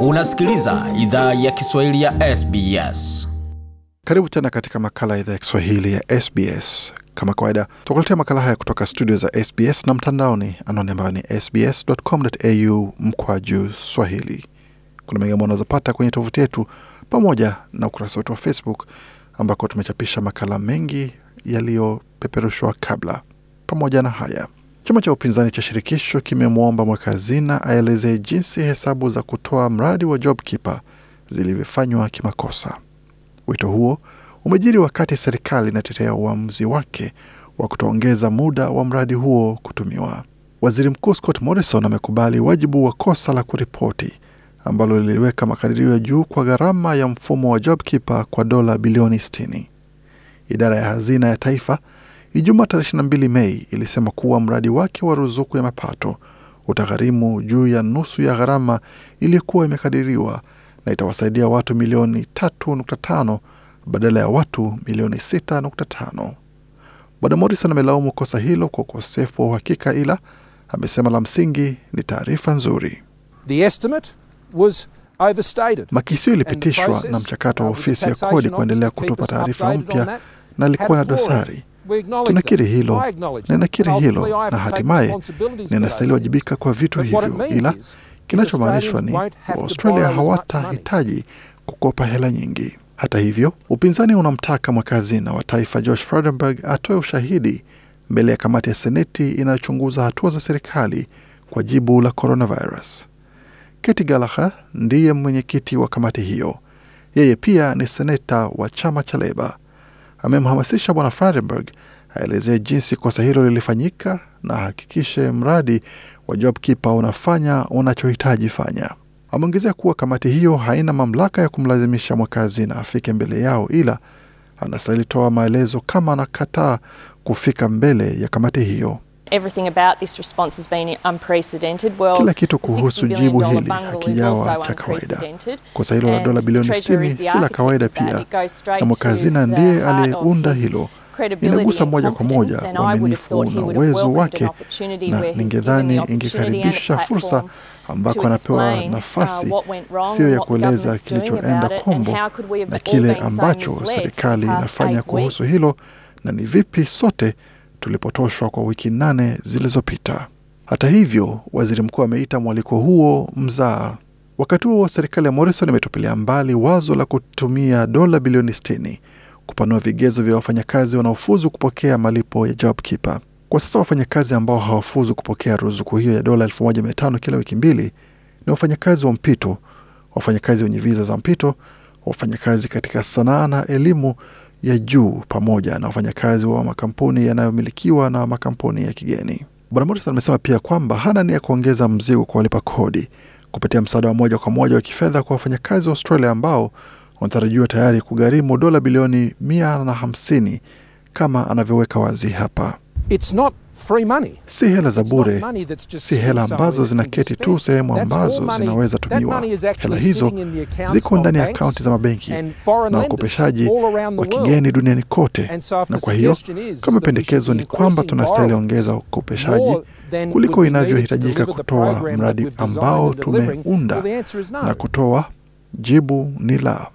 Unasikiliza idhaa ya Kiswahili ya SBS. Karibu tena katika makala ya idhaa ya Kiswahili ya SBS. Kama kawaida, tukuletea makala haya kutoka studio za SBS na mtandaoni, anwani ambayo ni sbs.com.au mkwa juu swahili. Kuna mengi ambayo unazopata kwenye tovuti yetu pamoja na ukurasa wetu wa Facebook ambako tumechapisha makala mengi yaliyopeperushwa kabla, pamoja na haya Chama cha upinzani cha shirikisho kimemwomba mweka hazina aelezee jinsi hesabu za kutoa mradi wa JobKeeper zilivyofanywa kimakosa. Wito huo umejiri wakati serikali inatetea uamuzi wake wa kutoongeza muda wa mradi huo kutumiwa. Waziri Mkuu Scott Morrison amekubali wajibu wa kosa la kuripoti ambalo liliweka makadirio ya juu kwa gharama ya mfumo wa JobKeeper kwa dola bilioni 60. Idara ya hazina ya taifa Ijumaa tarehe 22 Mei ilisema kuwa mradi wake wa ruzuku ya mapato utagharimu juu ya nusu ya gharama iliyokuwa imekadiriwa na itawasaidia watu milioni 3.5 badala ya watu milioni 6.5. Bwana Morrison amelaumu kosa hilo kwa ukosefu wa uhakika, ila amesema la msingi ni taarifa nzuri. The estimate was overstated. Makisio ilipitishwa na mchakato wa ofisi ya kodi kuendelea kutupa taarifa mpya na ilikuwa na dosari Tunakiri hilo, ninakiri hilo, na hatimaye ninastahili wajibika kwa vitu hivyo, ila kinachomaanishwa ni waustralia hawatahitaji kukopa hela nyingi. Hata hivyo, upinzani unamtaka mweka hazina wa taifa Josh Frydenberg atoe ushahidi mbele ya kamati ya seneti inayochunguza hatua za serikali kwa jibu la coronavirus. Keti Galaha ndiye mwenyekiti wa kamati hiyo. Yeye pia ni seneta wa chama cha Leba amemhamasisha Bwana Fredenberg aelezee jinsi kosa hilo lilifanyika na ahakikishe mradi wa JobKeeper unafanya unachohitaji fanya. Ameongezea kuwa kamati hiyo haina mamlaka ya kumlazimisha mwakazina afike mbele yao, ila anastahili toa maelezo kama anakataa kufika mbele ya kamati hiyo. Kila kitu kuhusu jibu hili hakijawa cha kawaida. Kosa hilo la dola bilioni 60 si la kawaida pia, na mweka hazina ndiye aliyeunda hilo. Inagusa moja kwa moja uaminifu na uwezo wake, na ningedhani ingekaribisha fursa ambako anapewa uh, nafasi sio ya kueleza kilichoenda kombo na kile ambacho serikali inafanya kuhusu hilo, na ni vipi sote tulipotoshwa kwa wiki nane zilizopita. Hata hivyo, waziri mkuu ameita mwaliko huo mzaa. Wakati huo serikali ya Morrison imetupilia mbali wazo la kutumia dola bilioni 60 kupanua vigezo vya wafanyakazi wanaofuzu kupokea malipo ya JobKeeper. Kwa sasa wafanyakazi ambao hawafuzu kupokea ruzuku hiyo ya dola 1500 kila wiki mbili ni wafanyakazi wa mpito, wafanyakazi wenye viza za mpito, wafanyakazi katika sanaa na elimu ya juu pamoja na wafanyakazi wa makampuni yanayomilikiwa na makampuni ya kigeni. Bwana Morrison amesema pia kwamba hana nia ya kuongeza mzigo kwa walipa kodi kupitia msaada wa moja kwa moja wa kifedha kwa wafanyakazi wa Australia ambao wanatarajiwa tayari kugharimu dola bilioni mia na hamsini kama anavyoweka wazi hapa. It's not Si hela za bure, si hela ambazo zinaketi tu sehemu ambazo zinaweza tumiwa. Hela hizo ziko ndani ya akaunti za mabenki na wakopeshaji wa kigeni duniani kote, na kwa hiyo kama pendekezo ni kwamba tunastahili ongeza ukopeshaji kuliko inavyohitajika kutoa mradi ambao tumeunda, na kutoa jibu ni la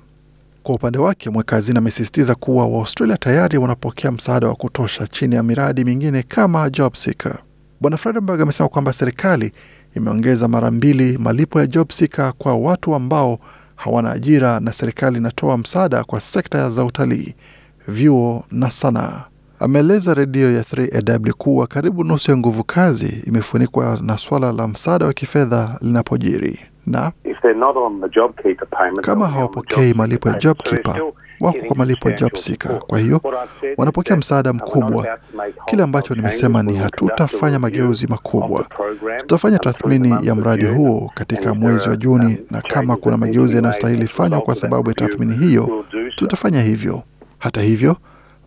kwa upande wake, mweka hazina amesisitiza kuwa Waaustralia tayari wanapokea msaada wa kutosha chini ya miradi mingine kama JobSeeker. Bwana Fredenberg amesema kwamba serikali imeongeza mara mbili malipo ya JobSeeker kwa watu ambao hawana ajira na serikali inatoa msaada kwa sekta za utalii, vyuo na sanaa. Ameeleza redio ya 3AW kuwa karibu nusu ya nguvu kazi imefunikwa na suala la msaada wa kifedha linapojiri na kama hawapokei malipo ya job keeper wako kwa malipo ya job seeker. Kwa hiyo wanapokea msaada mkubwa. Kile ambacho nimesema ni hatutafanya mageuzi makubwa, tutafanya tathmini ya mradi huo katika mwezi wa uh, Juni, um, na kama kuna mageuzi yanayostahili fanywa kwa sababu ya tathmini hiyo, tutafanya hivyo. Hata hivyo,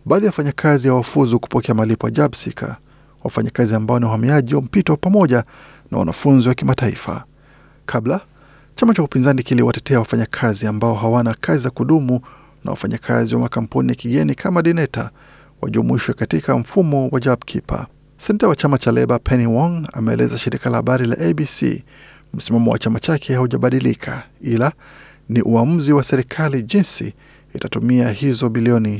baadhi ya wafanyakazi hawafuzu kupokea malipo ya job seeker, wafanyakazi ambao ni wahamiaji wa mpito pamoja na wanafunzi wa kimataifa. Kabla chama cha upinzani kiliwatetea wafanyakazi ambao hawana kazi za kudumu na wafanyakazi wa makampuni ya kigeni kama Dineta wajumuishwe katika mfumo wa JobKeeper. Senta wa chama cha Leba Penny Wong ameeleza shirika la habari la ABC msimamo wa chama chake haujabadilika, ila ni uamuzi wa serikali jinsi itatumia hizo bilioni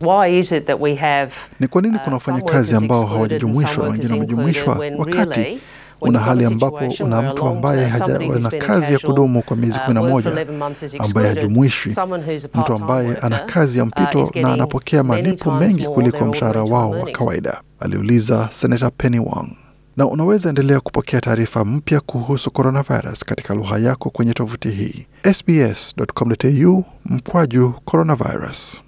60. Ni kwa nini uh, kuna wafanyakazi ambao hawajajumuishwa na wengine wamejumuishwa, wakati una hali ambapo una mtu ambaye hajawa na kazi ya kudumu kwa miezi uh, kumi na moja ambaye hajumuishwi, mtu ambaye ana kazi ya uh, mpito na anapokea malipo mengi kuliko mshahara wao wa kawaida, aliuliza Senata Penny Wong. Na unaweza endelea kupokea taarifa mpya kuhusu coronavirus katika lugha yako kwenye tovuti hii sbs.com.au mkwaju coronavirus.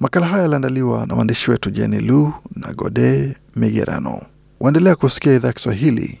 Makala haya yaliandaliwa na waandishi wetu Jeni Lu na Gode Migerano. Waendelea kusikia idhaa ya Kiswahili